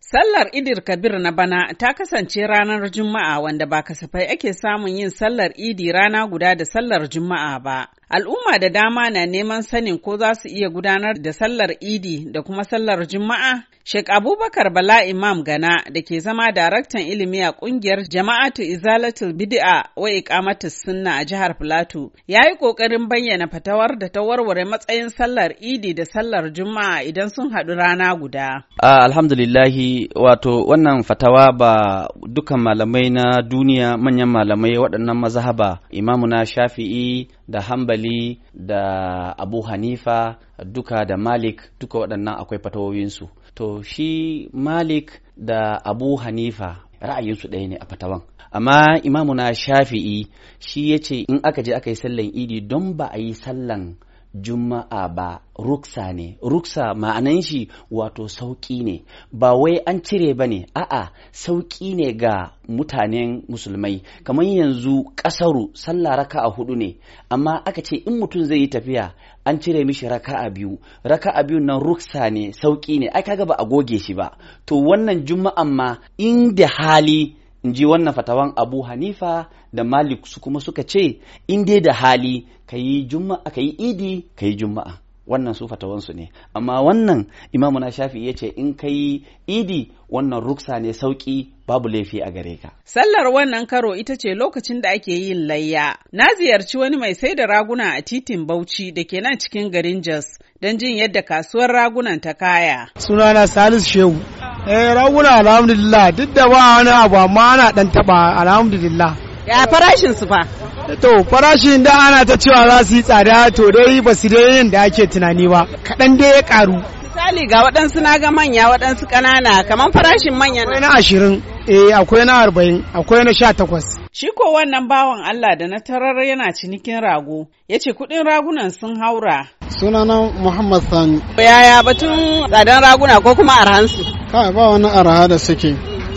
Sallar Idir Kabir na bana ta kasance ranar Juma'a wanda ba kasafai ake samun yin sallar Idi rana guda da sallar Juma'a ba. Al'umma da dama na neman sanin ko za su iya gudanar da sallar Idi da kuma sallar Juma'a. Sheikh Abubakar Bala Imam Gana da ke zama daraktan ilimi a kungiyar Jama'atu Izalatul Bid'a wa Iqamatus Sunna a jihar Filato ya yi kokarin bayyana fatawar da ta warware matsayin sallar Idi da sallar Juma'a idan sun haɗu rana guda. Alhamdulillahi wato wannan fatawa ba duka malamai na duniya manyan malamai waɗannan mazhaba Imamuna Shafi'i da hambali Hambali da abu hanifa duka da malik duka waɗannan akwai fatawoyinsu to shi malik da abu hanifa ra'ayinsu ɗaya ne a fatawan amma imamuna shafi'i shi ya ce in aka je aka yi sallan idi don ba a yi sallan juma'a ba ruksa ne ruksa ma'anan shi wato sauƙi ne ba wai an cire ba ne a'a sauƙi ne ga mutanen musulmai kamar yanzu ƙasaru sallah raka'a hudu ne amma aka ce in mutum zai yi tafiya an cire mishi raka'a biyu raka'a biyu nan ruksa ne sauƙi ne ai kaga ba a goge shi ba to wannan juma'an ma inda hali in ji wannan fatawan abu hanifa da malik su kuma suka ce in dai da hali ka yi juma'a ka yi idi ka yi juma'a wannan su fatawansu ne amma wannan imamu na shafi ya ce in ka yi idi wannan ruksa ne sauki babu laifi a gare ka. Sallar wannan karo ita ce lokacin da ake yin layya. Na ziyarci wani mai sai da raguna a titin Bauchi da ke nan cikin garin Jos don jin yadda kasuwar ragunan ta kaya. Sunana salis Shehu. eh raguna alhamdulillah duk da ba wani abu amma ana dan taba alhamdulillah ya farashin su fa eh, to farashin da ana ta cewa za su yi tsada to dai ba su dai yin da ake tunani ba kaɗan dai ya karu misali ga waɗansu na ga manya waɗansu ƙanana kamar farashin manya na ashirin eh akwai na arba'in akwai na sha takwas Shi ko wannan bawan Allah da na tarar yana cinikin rago, ya ce kuɗin ragunan sun haura. Sunana Muhammad Sani. Yaya batun tsadan raguna ko kuma arhansu? Kawai ba wani arha da suke.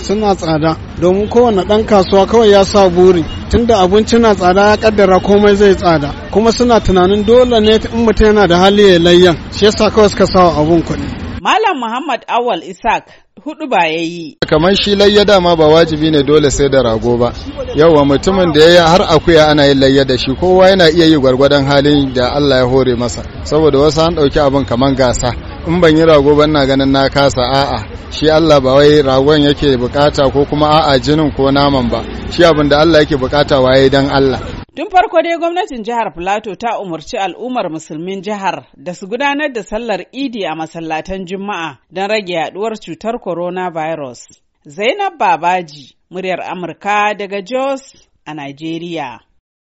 Suna tsada domin kowane ɗan kasuwa kawai ya sa buri tunda abinci na tsada ya kaddara komai zai tsada kuma suna tunanin dole ne in mutum yana da hali ya layyan shi yasa kawai suka sawa abun kuɗi. Malam Muhammad Awal Isaac hudu ba ya yi. Kamar shi layya dama ba wajibi ne dole sai da rago ba. Yauwa mutumin da ya yi har akuya ana yin layya da shi kowa yana iya yi gwargwadon halin da Allah ya hore masa. Saboda wasu an ɗauki abin kamar gasa. In ban yi rago ban na ganin na kasa a'a shi Allah ba wai ragon yake bukata ko kuma a'a jinin ko naman ba. Shi abin da Allah yake bukata waye dan Allah. Tun farko dai gwamnatin jihar Filato ta umarci al'ummar musulmin jihar da su gudanar da sallar Idi a masallatan Juma'a don rage yaduwar cutar coronavirus. Zainab Babaji, muryar Amurka daga Jos a Najeriya.